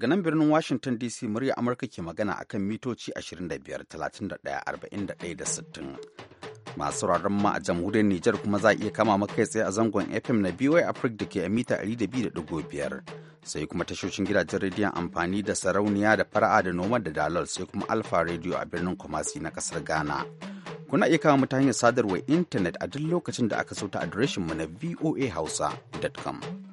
Daga nan birnin Washington DC murya Amurka ke magana akan mitoci 25, 31, 41 da 60. Masu sauraron ma a jamhuriyar Nijar kuma za a iya kama makai tsaye a zangon FM na BY Africa da ke a mita 200.5. Sai kuma tashoshin gidajen rediyon amfani da sarauniya da fara'a da noma da dalal sai kuma Alfa Radio a birnin Kumasi na kasar Ghana. Kuna iya kama mutane sadarwar intanet a duk lokacin da aka sauta ta adireshinmu na hausa.com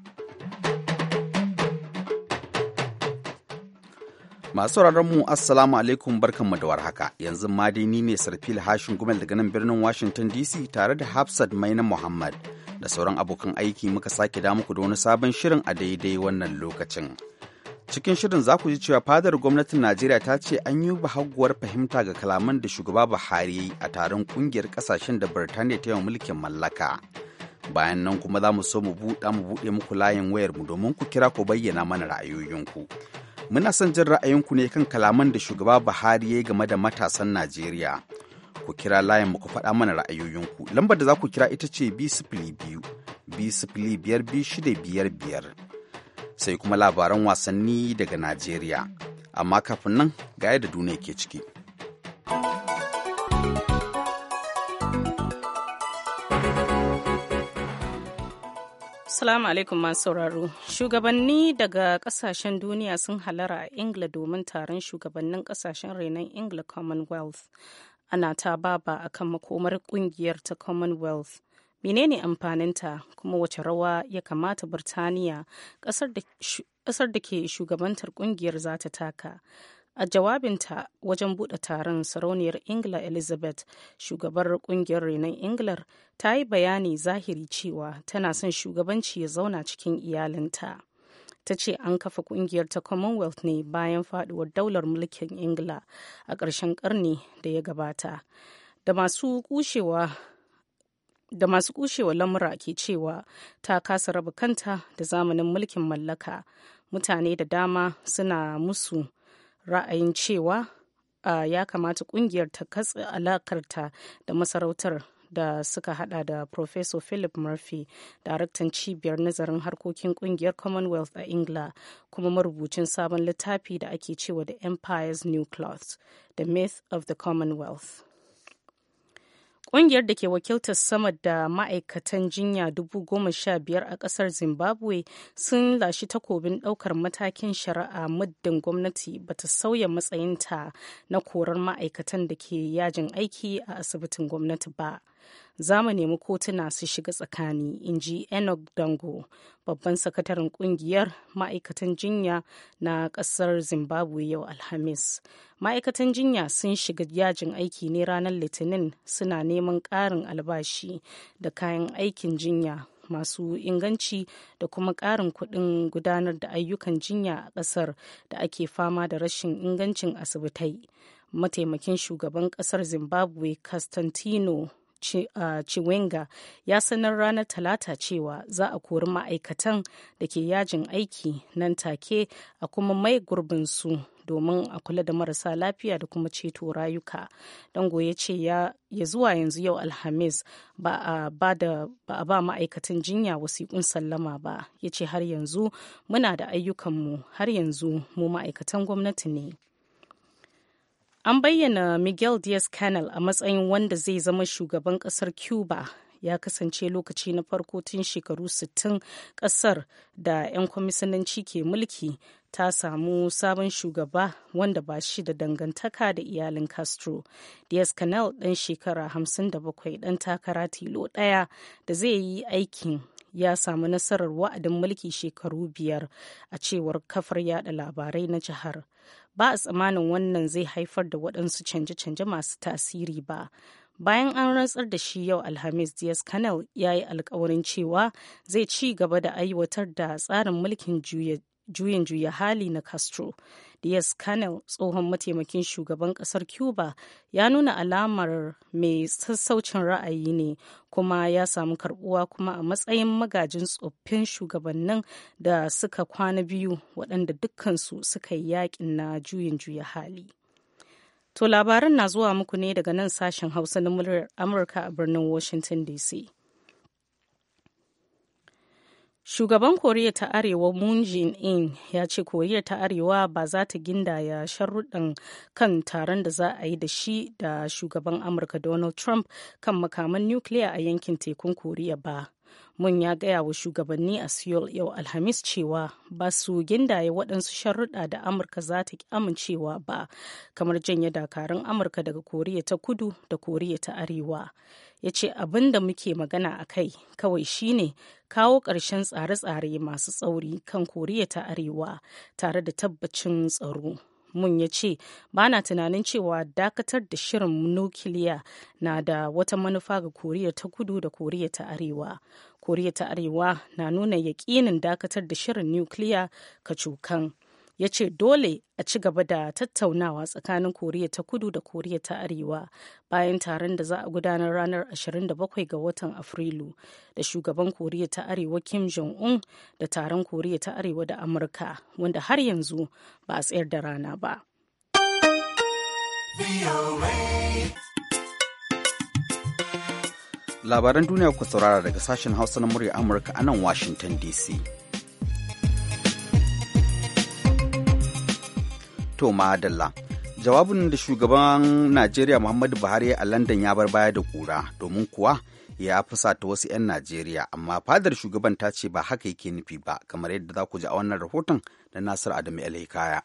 Masu mu Assalamu alaikum barkanmu da warhaka yanzu ma dai ni ne Sarfil Hashin Gumel daga nan birnin Washington DC tare da Hafsat Maina Muhammad da sauran abokan aiki muka sake da muku da wani sabon shirin a daidai wannan lokacin. Cikin shirin za ku ji cewa fadar gwamnatin Najeriya ta ce an yi bahaguwar fahimta ga kalaman da shugaba Buhari a taron kungiyar kasashen da Birtaniya ta yi mulkin mallaka. Bayan nan kuma za mu so mu buɗe mu buɗe muku layin wayar mu domin ku kira ku bayyana mana ra'ayoyinku. Muna son jin ra'ayinku ne kan kalaman da shugaba Buhari ya yi game da matasan Najeriya. Ku kira layin ku faɗa mana ra'ayoyinku. Lambar da za ku kira ita ce b biyu b biyar shida biyar biyar. Sai kuma labaran wasanni daga Najeriya. Amma kafin nan ga yadda duniya ke ciki. Assalamu alaikum masu sauraro. Shugabanni daga kasashen duniya sun halara a Ingila domin taron shugabannin kasashen renon Ingila Commonwealth. Ana ta baba a kan makomar kungiyar ta Commonwealth. Menene amfaninta kuma wace rawa ya kamata Birtaniya kasar da ke shugabantar kungiyar za ta taka? A jawabinta wajen buɗe taron sarauniyar Ingila Elizabeth, shugabar ƙungiyar renon Ingilar, ta yi bayani zahiri cewa tana son shugabanci ya zauna cikin iyalinta. Ta ce an kafa ƙungiyar ta Commonwealth ne bayan faduwar daular mulkin Ingila a ƙarshen ƙarni da ya gabata. Da masu kushewa da masu kushewa lamura ke cewa ta kasa raba kanta da zamanin mulkin mallaka mutane da dama suna musu ra'ayin cewa ya kamata kungiyar ta katse alakarta da masarautar da suka hada da Professor Philip Murphy, daraktan cibiyar nazarin harkokin kungiyar Commonwealth a Ingila, kuma marubucin sabon littafi da ake cewa The Empire's New Cloth, The Myth of the Commonwealth. Ƙungiyar da ke wakiltar sama da ma'aikatan jinya dubu goma sha biyar a ƙasar Zimbabwe sun lashi takobin ɗaukar matakin shari'a muddin gwamnati bata sauya matsayinta na korar ma'aikatan da ke yajin aiki a asibitin gwamnati ba. za mu nemi kotuna su shiga tsakani in ji enoch dango babban sakataren kungiyar ma'aikatan jinya na kasar zimbabwe yau alhamis ma'aikatan jinya sun shiga yajin aiki ne ranar litinin suna neman ƙarin albashi da kayan aikin jinya masu inganci da kuma ƙarin kuɗin gudanar da ayyukan jinya a ƙasar da ake fama da rashin ingancin asibitai mataimakin shugaban ƙasar zimbabwe costantino Uh, Chiwenga ya sanar ranar Talata cewa za a kori ma'aikatan da ke yajin aiki nan take a kuma mai gurbinsu domin a kula da marasa lafiya da kuma ceto rayuka. Dango ya ce ya zuwa yanzu yau Alhamis ba a ba ma'aikatan jinya wasiƙun sallama ba. Ya ce har yanzu muna da ayyukanmu har yanzu mu ma'aikatan gwamnati ne. An bayyana Miguel Diaz-Canel a matsayin wanda zai zama shugaban kasar Cuba ya kasance lokaci na farko tun shekaru 60 kasar da 'yan kwamisananci ke mulki ta samu sabon shugaba wanda ba shi da dangantaka da iyalin castro diaz canal dan shekara 57 dan takara tilo daya da zai yi aikin ya samu nasarar wa'adin mulki shekaru biyar a cewar kafar yada labarai na jihar ba a tsammanin wannan zai haifar da waɗansu canje-canje masu tasiri ba bayan an rantsar da shi yau alhamis diaz canal ya yi alkawarin cewa zai ci gaba da aiwatar da tsarin mulkin juyin juya hali na Castro. Diaz Canel, tsohon mataimakin shugaban kasar Cuba, ya nuna alamar mai sassaucin ra'ayi ne kuma ya samu karbuwa kuma a matsayin magajin tsoffin shugabannin da suka kwana biyu waɗanda dukkansu suka yi yakin na juyin juya hali. To labaran na zuwa muku ne daga nan sashen Hausa na muryar Amurka a birnin Washington DC. Shugaban Koriya ta Arewa Moon Jae-in ya ce Koriya ta Arewa ba za ta gindaya sharuɗan kan taron da za a yi da shi da shugaban Amurka Donald Trump kan makaman nukiliya a yankin tekun Koriya ba. Mun ya gaya wa shugabanni a Seoul yau Alhamis cewa ba su gindaya waɗansu sharuɗa da Amurka za ta amincewa ba, kamar janye dakarun Amurka daga Koriya ta Kudu da Koriya ta Arewa. ya ce abin da muke magana a kai kawai shine kawo ƙarshen tsare-tsare masu tsauri kan koriya ta arewa tare da tabbacin tsaro mun ya ce ba na tunanin cewa dakatar da shirin nukiliya na da wata manufa ga koriya ta kudu da koriya ta arewa koriya ta arewa na nuna yaƙinin dakatar da shirin nukiliya kacukan ya ce dole a ci gaba da tattaunawa tsakanin koriya ta kudu da koriya ta arewa bayan taron da za a gudanar ranar 27 ga watan afrilu da shugaban koriya ta arewa kim jong-un da taron koriya ta arewa da amurka wanda har yanzu ba a tsayar da rana ba. Labaran duniya ku saurara daga sashen Hausa na murya Amurka a nan Washington DC. To madalla. Jawabin da shugaban Najeriya Muhammadu Buhari a London ya bar baya da kura domin kuwa ya fusata wasu 'yan Najeriya amma fadar shugaban ta ce ba haka yake nufi ba kamar yadda za ku ji a wannan rahoton da Nasiru Adamu El Hikaya.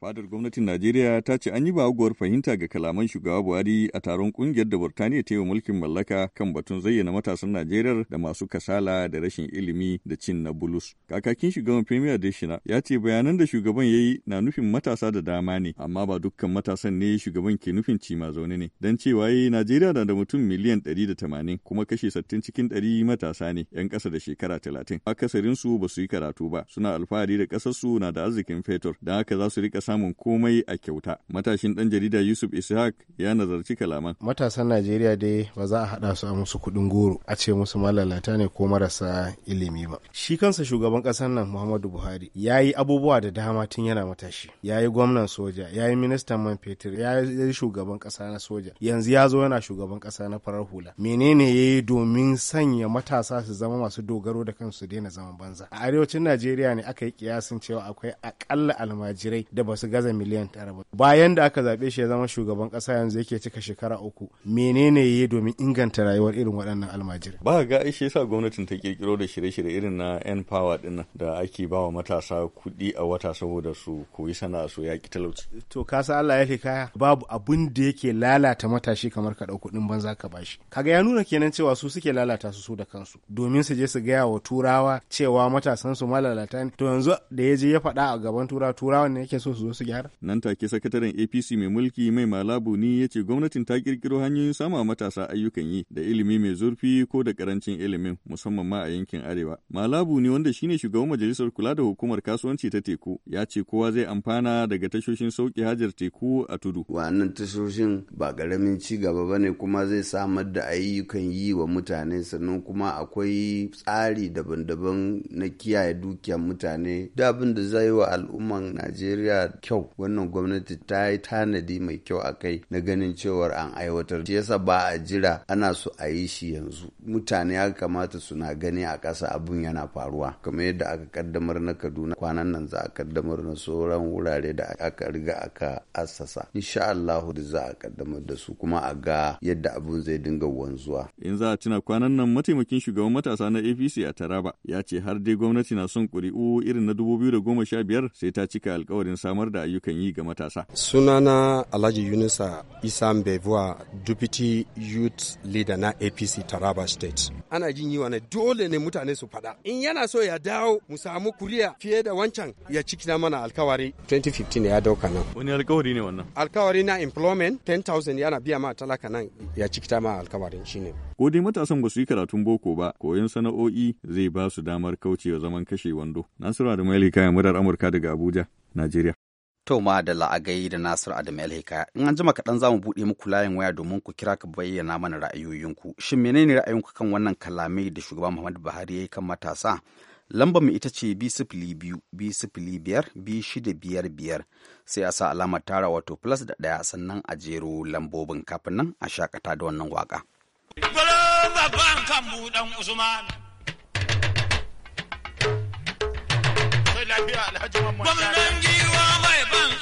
Fadar gwamnatin Najeriya ta ce an yi baguwar fahimta ga kalaman shugaba Buhari a taron kungiyar da Burtaniya ta yi wa mulkin mallaka kan batun zayyana matasan Najeriya da masu kasala da rashin ilimi da cin na bulus. Kakakin shugaban Premier Deshina ya ce bayanan da shugaban ya yi na nufin matasa da dama ne, amma ba dukkan matasan ne shugaban ke nufin cima zaune ne. Don cewa yi Najeriya na da mutum miliyan ɗari da tamanin kuma kashe sattin cikin ɗari matasa ne 'yan ƙasa da shekara talatin Akasarinsu ba su yi karatu ba, suna alfahari da ƙasarsu na da arzikin fetur, don haka za su rika samun komai a kyauta. Matashin dan jarida Yusuf Ishaq ya nazarci kalaman. Matasan Najeriya dai ba za a haɗa su a musu kuɗin goro a ce musu malalata ne ko marasa ilimi ba. Shi kansa shugaban ƙasar nan Muhammadu Buhari ya yi abubuwa da dama tun yana matashi. Ya yi gwamnan soja, ya yi ministan man fetur, ya yi shugaban ƙasa na soja. Yanzu ya zo yana shugaban ƙasa na farar hula. Menene ya yi domin sanya matasa su zama masu dogaro da kansu daina zaman banza. A arewacin Najeriya ne aka yi kiyasin cewa akwai akalla almajirai da ba su gaza miliyan tara ba bayan da aka zaɓe shi ya zama shugaban ƙasa yanzu yake cika shekara uku menene yayi domin inganta rayuwar irin waɗannan almajiri ba ga shi yasa gwamnatin ta kirkiro da shirye-shirye irin na n power din da ake ba wa matasa kuɗi a wata saboda su koyi sana'a su yaƙi talauci to ka sa Allah ya kaya babu abun da yake lalata matashi kamar ka ɗau kuɗin banza ka bashi kaga ya nuna kenan cewa su suke lalata su su da kansu domin su je su gaya wa turawa cewa matasan su malalata ne to yanzu da ya je ya faɗa a gaban turawa turawan ne yake so su zo su gyara. Nan take sakataren APC mai mulki mai malabu ni ya ce gwamnatin ta kirkiro hanyoyin sama matasa ayyukan yi da ilimi mai zurfi ko da karancin ilimin musamman ma a yankin arewa. Malabu ne wanda shine shugaban majalisar kula da hukumar kasuwanci ta teku ya ce kowa zai amfana daga tashoshin sauki hajar teku a tudu. Wannan tashoshin ba karamin ci gaba bane kuma zai samar da ayyukan yi wa mutane sannan kuma akwai tsari daban-daban na kiyaye dukiyar mutane da abin da zai wa al'umman Najeriya kyau wannan gwamnati ta yi tanadi mai kyau a kai na ganin cewar an aiwatar shi yasa ba a jira ana so a yi shi yanzu mutane ya kamata suna gani a ƙasa abin yana faruwa kamar yadda aka kaddamar na kaduna kwanan nan za a kaddamar na sauran wurare da aka riga aka assasa insha Allah da za a kaddamar da su kuma a ga yadda abun zai dinga wanzuwa in za a tuna kwanan nan mataimakin shugaban matasa na APC a Taraba ya ce har dai gwamnati na son ƙuri'u irin na biyar sai ta cika alkawarin samar da ayyukan yi ga matasa. Sunana Alhaji Yunusa Isa Mbevuwa, Deputy Youth Leader na APC Taraba State. Ana jin yi dole ne mutane su fada. In yana so ya dawo mu samu kuriya fiye da wancan ya na mana alkawari. 2015 ya dauka nan. Wani alkawari ne wannan? Alkawari na employment 10,000 yana biya ma talaka nan ya cikita ma alkawarin shine. Ko dai matasan ba su yi karatun boko ba, koyon sana'o'i zai ba su damar kaucewa zaman kashe wando. Nasiru Adamu Maili kayan murar Amurka daga Abuja, Najeriya. To ma da la'agai da Nasir Adam Elhika. In an jima kaɗan za mu buɗe muku layin waya domin ku kira ka bayyana mana ra'ayoyinku. Shin menene ra'ayinku kan wannan kalamai da shugaban Muhammadu Buhari ya yi kan matasa? Lambar mu ita ce b biyu b biyar b shida biyar biyar sai a sa alamar tara wato plus da ɗaya sannan a jero lambobin kafin nan a shakata da wannan waka.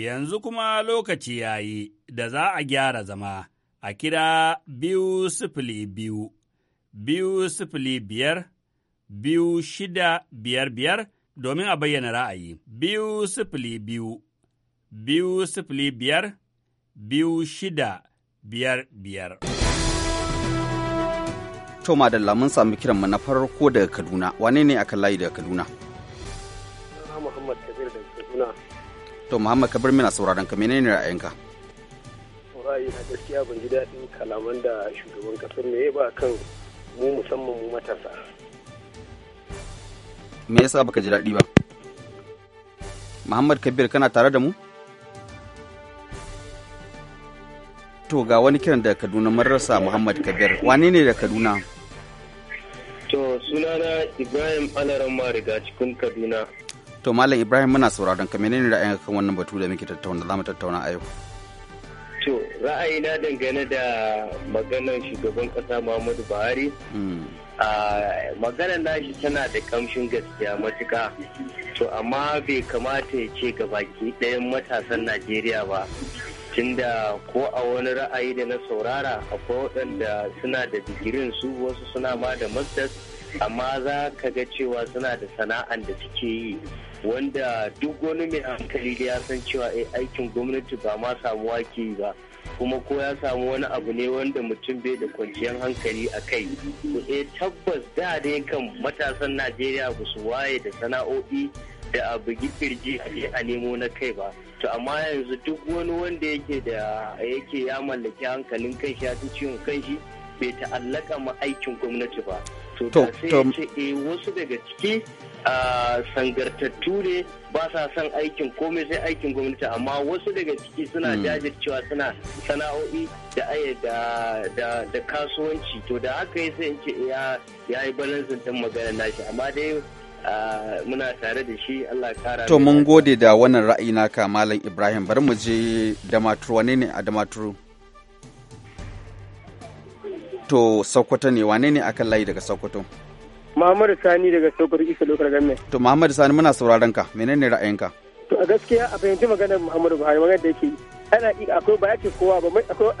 Yanzu kuma lokaci ya yi da za a gyara zama a kira biyu sifili biyu, biyu sifili biyar, biyu shida biyar biyar domin a bayyana ra'ayi. Biyu sifili biyu, biyu sifili biyar, biyu shida biyar biyar. To madalla mun sami kiranmu na farko daga Kaduna, wane ne kan layi daga Kaduna? to muhammad bar mina sauraron ka menene ra'ayinka ra'ayi na gaskiya ban ji daɗin kalaman da shugaban kasar me ba kan mu musamman mu matasa me yasa baka ji daɗi ba muhammad kabir kana tare da mu to ga wani kiran da kaduna marasa muhammad kabir wane ne da kaduna to sunana ibrahim alaran mariga cikin kaduna to malam ibrahim muna sauraron ka menene ra'ayin kan wannan batu da muke tattauna zamu tattauna a yau to na dangane da maganar shugaban kasa muhammadu buhari hmm. maganar nashi tana da kamshin gaskiya matuka to amma bai kamata ya ce ga baki ɗayan matasan najeriya ba tunda ko a wani ra'ayi da na saurara akwai waɗanda suna da digirin su wasu suna ma da masters amma za ka ga cewa suna da sana'an da suke yi wanda duk wani mai hankali da ya san cewa eh, aikin gwamnati ba ma samuwa ke ba kuma ko ya samu wani abu ne wanda mutum bai da kwanciyar hankali a kai eh tabbas da dai kan matasan najeriya ba su waye da sana'o'i da a bugi a nemo na kai ba to amma yanzu duk wani wanda yake da yake ya mallaki hankalin kai shi ya fi ciwon shi bai ta'allaka ma aikin gwamnati ba to sai ya ce eh, wasu daga ciki a sangartattu ne ba sa son aikin komai sai aikin gwamnati amma wasu daga ciki suna hmm. jajircewa suna sana'o'i da aya da da kasuwanci to da haka ya sai in ce eh, ya ya yi balansin din magana nashi amma dai muna tare da shi Allah kara to mun gode da wannan ra'ayi naka malam Ibrahim bari mu je damaturu wane ne a damaturu to Sokoto ne wane ne akan layi daga Sokoto? Muhammadu Sani daga Sokoto Isa Lokar Gamme. To Muhammadu Sani muna sauraron ka menene ra'ayinka? To a gaskiya a fahimci maganar Muhammadu Buhari maganar da yake ana akwai ba yake kowa ba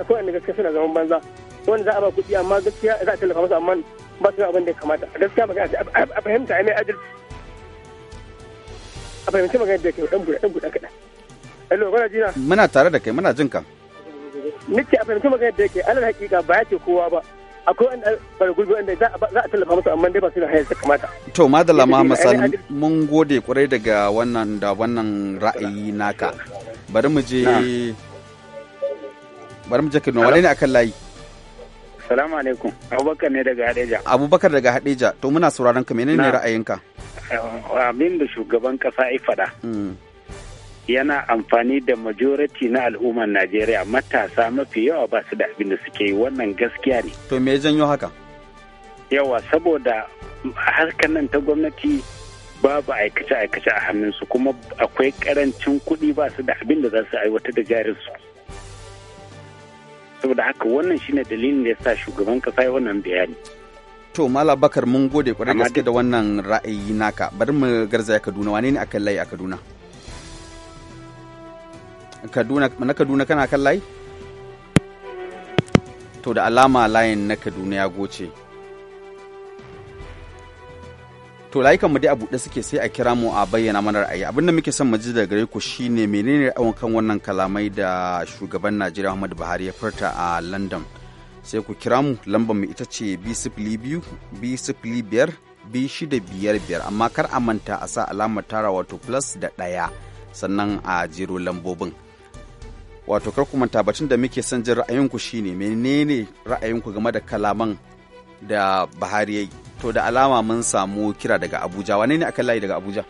akwai wanda gaskiya suna zaman banza wanda za a ba kuɗi amma gaskiya za a tallafa musu amma ba su abin da ya kamata a gaskiya magana a fahimta a mai adalci a fahimci magana da yake ɗan guda ɗan guda kaɗan. Hello, kana jina? Muna tare da kai, muna jin ka. Nake a fahimci magana da yake alal hakika ba yake kowa ba. akwai wanda bara wanda za a tallafa musu amma dai ba su da hanyar kamata to madalla ma masan mun gode kwarai daga wannan da wannan ra'ayi naka bari mu je bari mu je Kano wani ne akan layi Salamu alaikum Abubakar ne daga Hadeja Abubakar daga Hadeja to muna sauraron ka menene ra'ayinka abin da shugaban kasa ya faɗa mm. yana amfani da majority na al'ummar najeriya matasa mafi yawa ba su da abin da suke yi wannan gaskiya ne to me janyo haka yawa saboda harkar nan ta gwamnati babu aikace-aikace a hannunsu kuma akwai karancin kuɗi ba su da abin da za su aiwatar da jarinsu saboda haka wannan shine dalilin da ya sa shugaban kasa ya wannan bayani to mala bakar mun gode kwarai gaske da wannan ra'ayi naka bari mu garzaya kaduna wane ne akan layi a kaduna Kaduna na Kaduna kana kan layi? To da alama layin na Kaduna ya goce. To layi mu dai a buɗe suke sai a kira mu a bayyana mana ra'ayi. Abin da muke son mu ji da gare ku shine menene awon kan wannan kalamai da shugaban Najeriya Muhammadu Buhari ya furta a London. Sai ku kira mu lambar mu ita ce B02 B05 b biyar amma kar a manta a sa alamar tara wato plus da ɗaya sannan a jero lambobin. wato kar ku manta batun da muke son jin ra'ayinku shine menene ra'ayinku game da kalaman da Buhari yayi to da alama mun samu kira daga Abuja wane ne aka layi daga Abuja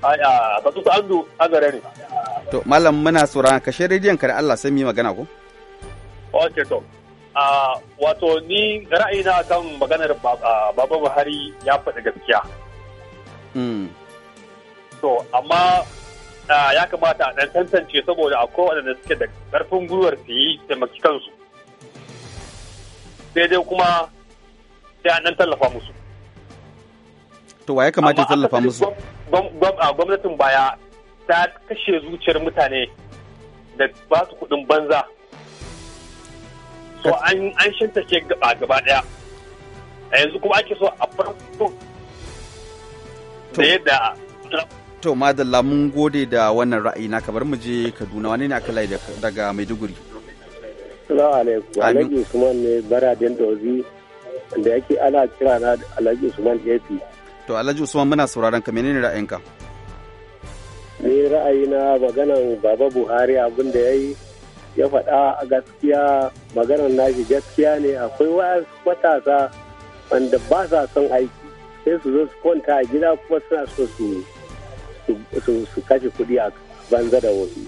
aya ba su andu gare ne to malam muna tsoron kashe rediyon ka da Allah sai mu yi magana ko okay to a wato ni ra'ayina kan maganar baba Buhari ya faɗi gaskiya hmm. to amma ya kamata a tantance saboda a kowane suke da ƙarfin gwiwar su yi taimaki kansu sai dai kuma sai a nan tallafa musu to wa ya kamata tallafa musu gwamnatin baya ta kashe zuciyar mutane da ba su kudin banza so an shantace gaba gaba daya a yanzu kuma ake so a farko da yadda to madalla mun gode da wannan ra'ayi na kamar mu je kaduna wani ne aka daga maiduguri salamu alaikum alhaji usman ne den dozi da yake ana kira na alhaji usman jefi to alhaji usman muna sauraron ka menene ra'ayinka ni ra'ayina maganan baba buhari abin da ya yi ya faɗa a gaskiya maganan nashi gaskiya ne akwai wasu matasa wanda ba sa son aiki sai su zo su kwanta a gida kuma suna so su su kashe kuɗi a banza da wasu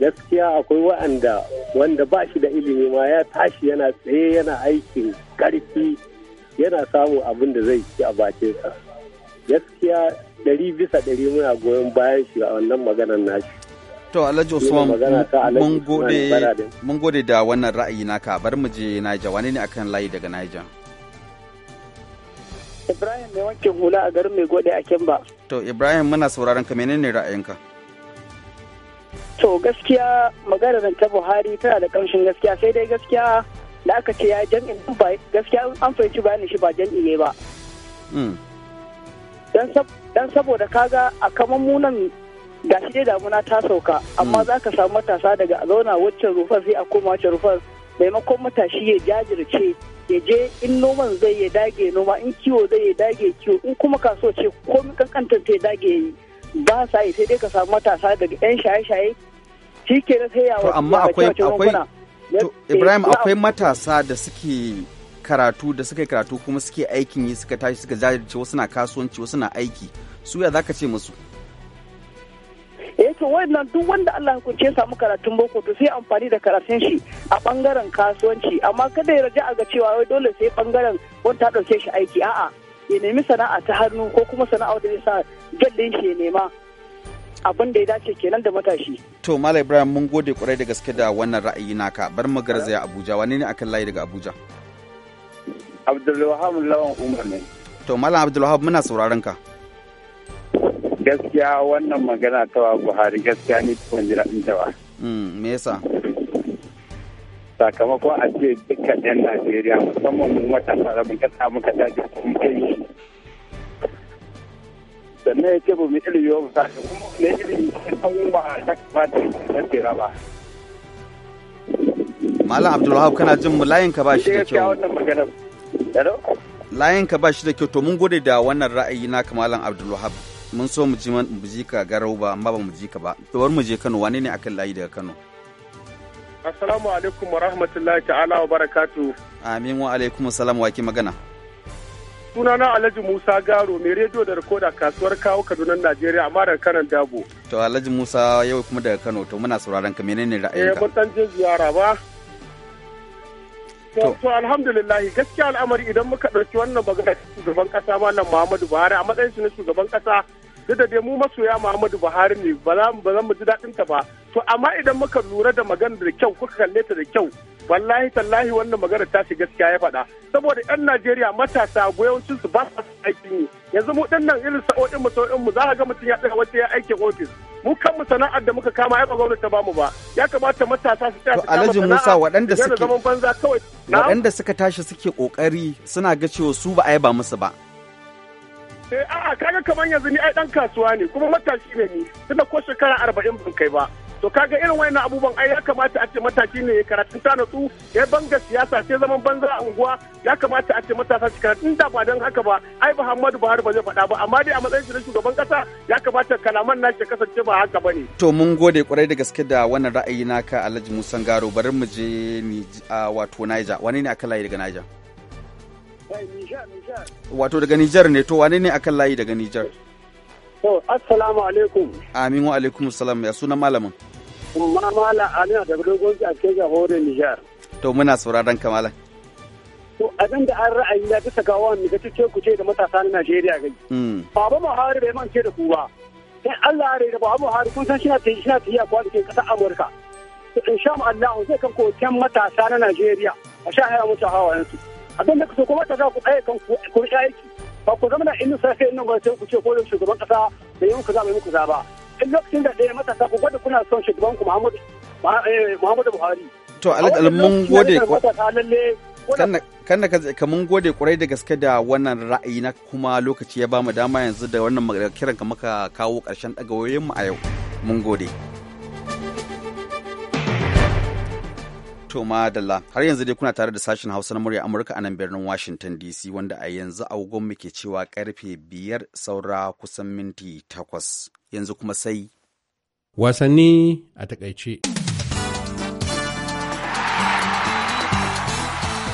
gaskiya akwai wa'anda wanda ba shi da ilimi ma ya tashi yana tsaye yana aikin karfi yana samun abin da zai ci a bakinsa gaskiya ɗari bisa ɗari muna goyon bayan shi a wannan maganar nashi to alhaji usman mun gode da wannan ra'ayi naka bar mu je Niger wani ne akan layi daga Niger ibrahim mai wankin hula a garin mai gode a kimba To Ibrahim muna sauraron ka menene ra'ayinka? To gaskiya maganar ta Buhari tana da kamshin gaskiya sai dai gaskiya da aka ce ya jami'in ba gaskiya an fahimci bayanin shi ba jam'i ne ba. Hmm. Dan saboda kaga a kaman munan gashi dai damuna ta sauka amma hmm. za ka samu matasa daga a zauna waccan rufar sai a koma waccan rufar maimakon matashi ya jajirce ya je in noman zai ya dage noma in kiwo zai ya dage kiwo in kuma kaso ce komi kankantar ta ya dage yi ba sa yi sai dai ka samu matasa daga yan shaye-shaye shi ke na sai yawa amma akwai akwai ibrahim akwai matasa da suke karatu da suke karatu kuma suke aikin yi suka tashi suka jajirce wasu na kasuwanci wasu na aiki su ya zaka ce musu eh to wannan duk wanda Allah hukunce ya samu karatun boko to sai amfani da karatun shi a bangaren kasuwanci amma kada ya a ga cewa wai dole sai bangaren wanda ta dauke shi aiki a'a ya nemi sana'a ta hannu ko kuma sana'a da sa jallin shi ya nema abin da ya dace kenan da matashi to malam ibrahim mun gode kwarai da gaske da wannan ra'ayi naka bar mu garzaya abuja wani ne akan layi daga abuja abdulwahab lawan umar ne to malam abdulwahab muna sauraron ka gaskiya wannan magana ta wa buhari gaskiya ne ban jira in ba. Mm, me yasa sakamakon a ce dukkan yan najeriya musamman mu wata fara mun kasa muka tashi kun kai sannan ya ce ba mu ilimi ba sa kuma ne ilimi an wa ta kamata ta tsira ba Malam Abdulwahab kana jin mu layin ka ba shi da kyau. Layin ka ba shi da kyau to mun gode da wannan ra'ayi na Malam Abdulwahab. mun so mu ji ka garau ba amma ba mu ji ka ba to mu je Kano wane ne akan layi daga Kano Assalamu alaikum wa rahmatullahi ta'ala wa barakatu. Amin wa alaikum salam wa magana. Sunana Alhaji Musa Garo mai rediyo da rikoda kasuwar kawo Kaduna Najeriya amma daga kanan Dabo. To Alhaji Musa yau kuma daga Kano to muna sauraron ka menene ra'ayinka? Eh mun dan je ziyara ba. To, to alhamdulillah gaskiya al'amari idan muka ɗauki wannan magana shugaban kasa Malam Muhammadu Buhari a matsayin shi na shugaban kasa duk da dai mu masoya Muhammadu Buhari ne ba za mu ji daɗin ta ba to amma idan muka lura da magana da kyau kuka kalle ta da kyau wallahi tallahi wannan magana ta shi gaskiya ya faɗa saboda ɗan Najeriya matasa goyawancin su ba su aiki ne yanzu mu din nan irin sa'o'in mu sa'o'in mu za ka ga mutum ya tsaya wata ya aikin ofis mu kan mu sana'ar da muka kama ba gwamnati ta bamu ba ya kamata matasa su tsaya su kama sana'a Musa waɗanda suke waɗanda suka tashi suke kokari suna ga cewa su ba a yaba musu ba Eh a'a kaga kamar yanzu ni ai dan kasuwa ne kuma matashi ne ni tunda ko shekara arba'in ban kai ba. To kaga irin wayannan abubuwan ai ya kamata a ce matashi ne ya karatun ta natsu ya banga siyasa sai zaman banza a unguwa ya kamata a ce matasa su karatun inda ba don haka ba ai Muhammadu Buhari ba zai faɗa ba amma dai a matsayin shirin shugaban kasa ya kamata kalaman nashi ya kasance ba haka bane. To mun gode kwarai da gaske da wannan ra'ayi naka Alhaji Musa Garo bari mu je ni wato Niger wani ne aka layi daga Niger? Wato daga Nijar ne to wane ne akan layi daga Nijar? To, assalamu alaikum. Amin wa alaikum salam ya suna malamin. Kuma mala Amina daga dogon a cikin hore Nijar. To muna sauraron ka malam. To abin da an ra'ayi ya bisa ga wani ga ce ku ce da matasa na Najeriya gai. Hmm. babu Buhari bai mance da ku ba. Sai Allah ya rage babu Buhari kun san shina tayi shina tayi a cikin kasar Amurka. To insha Allah zai kan ko matasa na Najeriya a sha haya mutu su. abin da kuma ta za ku tsaye kan ku aiki ba ku zama na inu safe nan gwamnati ku ce ko shugaban kasa da yi muku za yi muku za ba in lokacin da ɗaya matasa ku gwada kuna son shugaban ku Muhammadu eh, Muhammadu Buhari. To Alhaji mun gode kan da ka mun gode kurai da gaske da wannan ra'ayi na kuma lokaci ya bamu dama yanzu da wannan kiran ka maka kawo ƙarshen ɗaga mu a yau. Mun gode. To madalla har yanzu dai kuna tare da sashen Hausa na murya Amurka a nan birnin Washington DC wanda a yanzu agogon muke cewa karfe biyar saura kusan minti takwas yanzu kuma sai. Wasanni a takaice.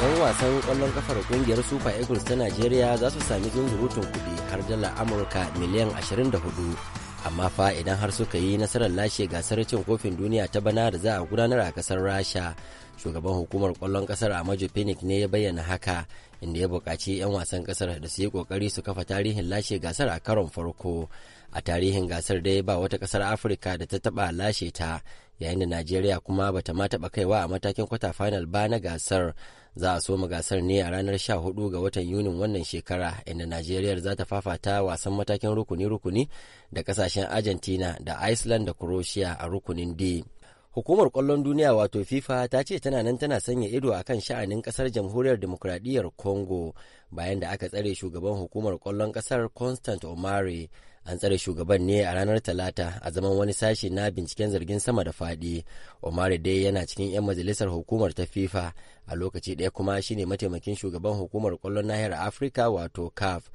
Yan wasan kwallon kafar kungiyar Super Eagles ta Najeriya za su sami zunzurutun kuɗi har dala Amurka miliyan 24 amma fa idan har suka yi nasarar lashe gasar cin kofin duniya ta bana da za a gudanar a kasar rasha shugaban hukumar kwallon kasar a phoenix ne ya bayyana haka inda ya buƙaci 'yan wasan kasar da su yi ƙoƙari su kafa tarihin lashe gasar a karon farko a tarihin gasar da ya ba wata kasar afirka da ta taɓa lashe ta yayin da najeriya kuma bata ma taɓa kaiwa a matakin kwata final ba na gasar za a soma gasar ne a ranar 14 ga watan yunin wannan shekara inda najeriya za ta fafata wasan matakin rukuni-rukuni da kasashen argentina da iceland da croatia a rukunin d hukumar kwallon duniya wato fifa ta ce tana nan tana sanya ido a kan sha'anin kasar jamhuriyar demokradiyyar congo bayan da aka tsare shugaban hukumar kwallon kasar constant omari an tsare shugaban ne a ranar talata a zaman wani sashe na binciken zargin sama da fadi omar dai yana cikin 'yan majalisar hukumar ta fifa a lokaci ɗaya kuma shine mataimakin shugaban hukumar kwallon nahiyar afirka wato caf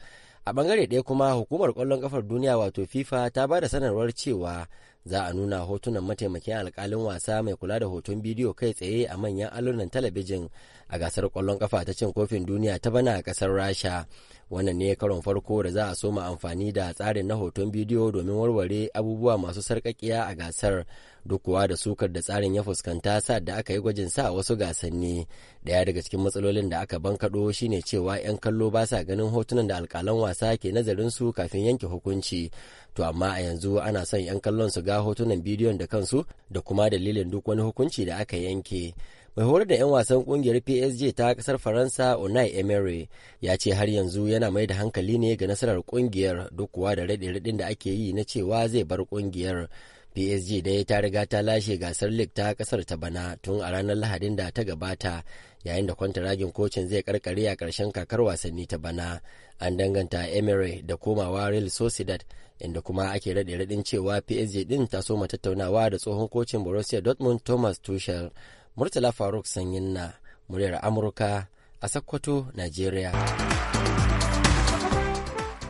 a bangare ɗaya kuma hukumar kwallon kafar duniya wato fifa ta ba da sanarwar cewa za a nuna hotunan mataimakin alkalin wasa mai kula da hoton bidiyo kai tsaye a manyan alunan talabijin a gasar kwallon kafa ta cin kofin duniya ta bana a kasar rasha wannan ne karon farko da za a soma amfani da tsarin na hoton bidiyo domin warware abubuwa masu sarkakiya a gasar duk kuwa da sukar da tsarin ya fuskanta sa da aka yi gwajin sa wasu gasanni daya daga cikin matsalolin da aka bankaɗo shine cewa 'yan kallo ba sa ganin hotunan da alkalan wasa ke nazarin su kafin yanke hukunci to amma a yanzu ana son 'yan kallon su ga hotunan bidiyon da kansu da kuma dalilin duk wani hukunci da aka yanke mai horar da 'yan wasan kungiyar psg ta kasar faransa Unai emery ya ce har yanzu yana mai da hankali ne ga nasarar kungiyar duk kuwa da raɗe-raɗin da ake yi na cewa zai bar kungiyar PSG dai ta riga ta lashe gasar League ta kasar ta bana tun a ranar Lahadin da ta gabata yayin da kwanta kwantaragin kocin zai karkare a karshen kakar wasanni ta bana an danganta Emery da komawa Real Sociedad inda kuma ake rade radin cewa PSG din ta soma tattaunawa da tsohon kocin Borussia Dortmund Thomas Tuchel Murtala Faruk Sanyin na muryar Amurka a Sokoto, nigeria.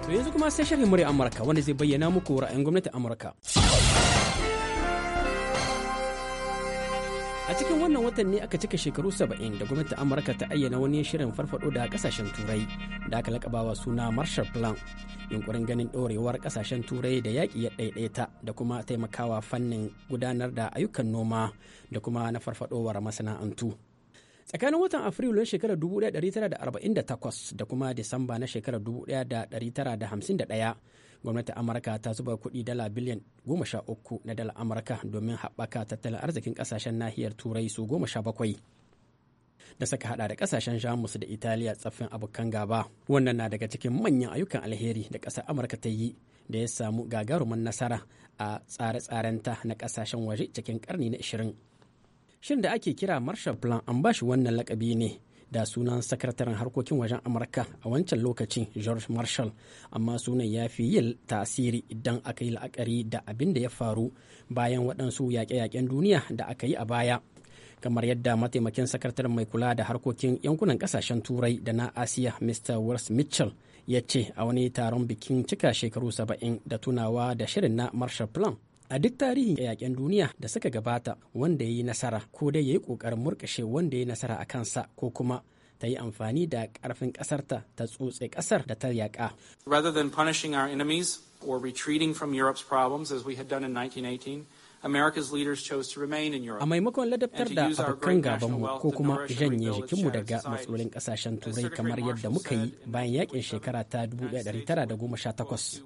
To yanzu kuma sai sharhin murya Amurka wanda zai bayyana muku ra'ayin gwamnatin Amurka. a cikin wannan watan ne aka cika shekaru 70 da gwamnati amurka ta ayyana wani shirin farfado da kasashen turai da aka lakabawa suna marshall plan yunkurin ganin ɗorewar kasashen turai da yaƙi ya ɗaiɗaita da kuma taimakawa fannin gudanar da ayyukan noma da kuma na farfadowar masana'antu tsakanin watan afrilu na shekarar 1948 da kuma disamba na shekarar 1951 gwamnatin amurka ta zuba kuɗi dala biliyan goma sha uku na dala amurka domin haɓaka tattalin arzikin ƙasashen nahiyar turai su goma sha bakwai da saka hada da kasashen jamus da italiya tsaffin abokan gaba wannan na daga cikin manyan ayyukan alheri da ƙasar amurka ta yi da ya samu gagarumin nasara a tsare-tsarenta na ƙasashen waje cikin karni na 20 shin da ake kira marshal plan an bashi wannan lakabi ne da sunan sakataren harkokin wajen amurka a wancan lokacin george marshall amma sunan ya fi yin tasiri idan aka yi la'akari da abin da ya faru bayan waɗansu yaƙe-yaƙen duniya da aka yi a baya kamar yadda mataimakin sakataren mai kula da harkokin yankunan ƙasashen turai da na asiya mr wars mitchell ya ce a wani taron bikin cika shekaru saba'in da tunawa da shirin na marshall plan a duk tarihin yaƙen duniya da suka gabata wanda ya yi nasara ko dai ya yi ƙoƙarin murƙashe wanda ya yi nasara a kansa ko kuma ta yi amfani da ƙarfin ƙasarta ta tsotse ƙasar da ta yaƙa. Rather than punishing our enemies or retreating from Europe's problems as we had done in 1918, America's leaders chose to remain A maimakon ladabtar da abokan gabanmu ko kuma janye jikinmu daga matsalolin kasashen turai kamar yadda muka yi bayan yakin shekara ta 1918.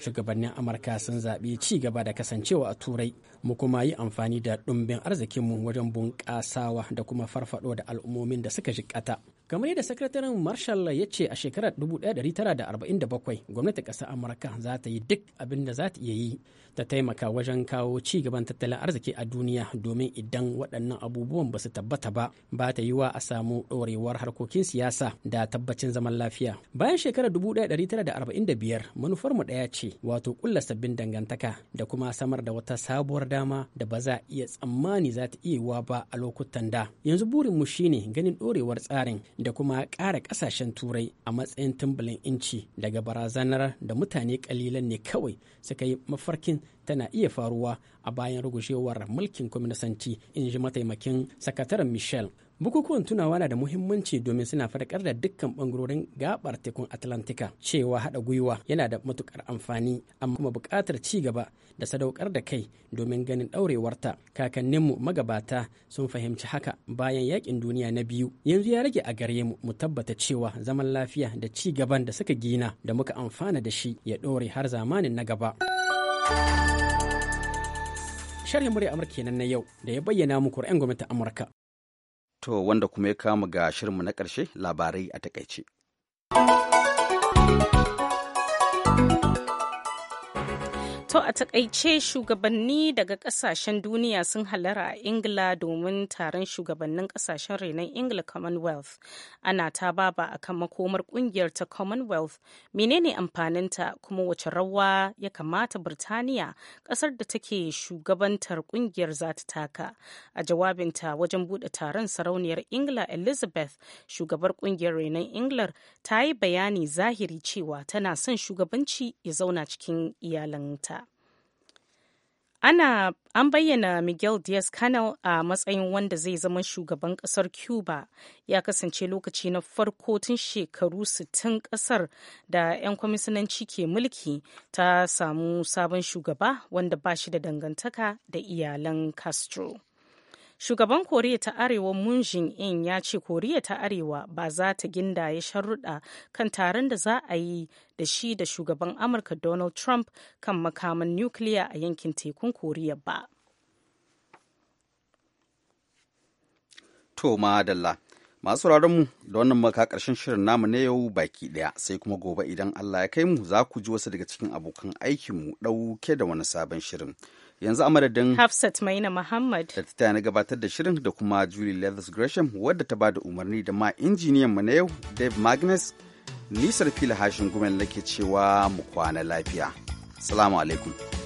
shugabannin amurka sun zaɓi ci gaba da kasancewa a turai mu kuma yi amfani da ɗumbin arzikinmu wajen bunƙasawa da kuma farfaɗo da al'ummomin da suka jikkata kamar yadda sakataren marshall ya ce a shekarar 1947 gwamnati ƙasar amurka za ta yi duk abin da za ta iya yi ta taimaka wajen kawo ci gaban tattalin arziki a duniya domin idan waɗannan abubuwan ba su tabbata ba ba ta yiwa a samu ɗorewar harkokin siyasa da tabbacin zaman lafiya bayan shekarar 1945 manufarmu ɗaya ce wato ƙulla sabbin dangantaka da kuma samar da wata sabuwar dama da ba za a iya tsammani za ta iya wa ba a lokutan da yanzu burin mu shine ganin ɗorewar tsarin da kuma ƙara ƙasashen turai a matsayin tumbulin inci daga barazanar da mutane ƙalilan ne kawai suka yi mafarkin tana iya faruwa a bayan rugushewar mulkin kwaminisanci in ji mataimakin sakataren michel bukukuwan tunawa na da muhimmanci domin suna farkar da dukkan bangarorin gabar tekun atlantika cewa hada gwiwa yana da matukar amfani amma kuma bukatar ci gaba da sadaukar da kai domin ganin daurewarta kakanninmu magabata sun fahimci haka bayan yakin duniya na biyu yanzu ya rage a gare mu mu tabbata cewa zaman lafiya da ci gaban da suka gina da muka amfana da shi ya dore har zamanin na gaba. sharhin murya amurka kenan na yau da ya bayyana muku ra'ayin gwamnatin amurka To wanda kuma ya kama ga shirinmu na ƙarshe labarai a takaice. To a takaice shugabanni daga kasashen duniya sun halara a Ingila domin taron shugabannin kasashen renon Ingila Commonwealth. Ana ta baba a kan makomar kungiyar ta Commonwealth, menene amfaninta kuma wace rawa ya kamata Birtaniya kasar da take shugabantar kungiyar za ta taka. A jawabinta wajen bude taron sarauniyar Ingila Elizabeth, shugabar kungiyar renon Ingilar, ta yi bayani zahiri cewa tana son shugabanci ya zauna cikin iyalanta. ana an bayyana miguel diaz canel a matsayin wanda zai zama shugaban kasar cuba ya kasance lokaci na farko tun shekaru 60 kasar da 'yan kwamisinanci ke mulki ta samu sabon shugaba wanda ba shi da dangantaka da iyalan castro Shugaban Koriya ta Arewa Moon Jae-in ya ce Koriya ta Arewa ba za ta gindaye sharuɗa kan taron da za a yi da shi da shugaban Amurka Donald Trump kan makaman nukiliya a yankin tekun Koriya ba. To madalla. Masu mu da wannan maka ƙarshen shirin namu na yau baki ɗaya sai kuma gobe idan Allah ya kai mu za ku ji wasu daga cikin abokan aikinmu ɗauke da wani sabon shirin. yanzu a Hafsat Maina Muhammad da ta na gabatar da shirin da kuma Julie Leathers Gresham wadda ta ba da umarni da ma injiniyan mu na yau Dave Magnus nisar fila hashin gumen lake cewa mu kwana lafiya. Salamu alaikum.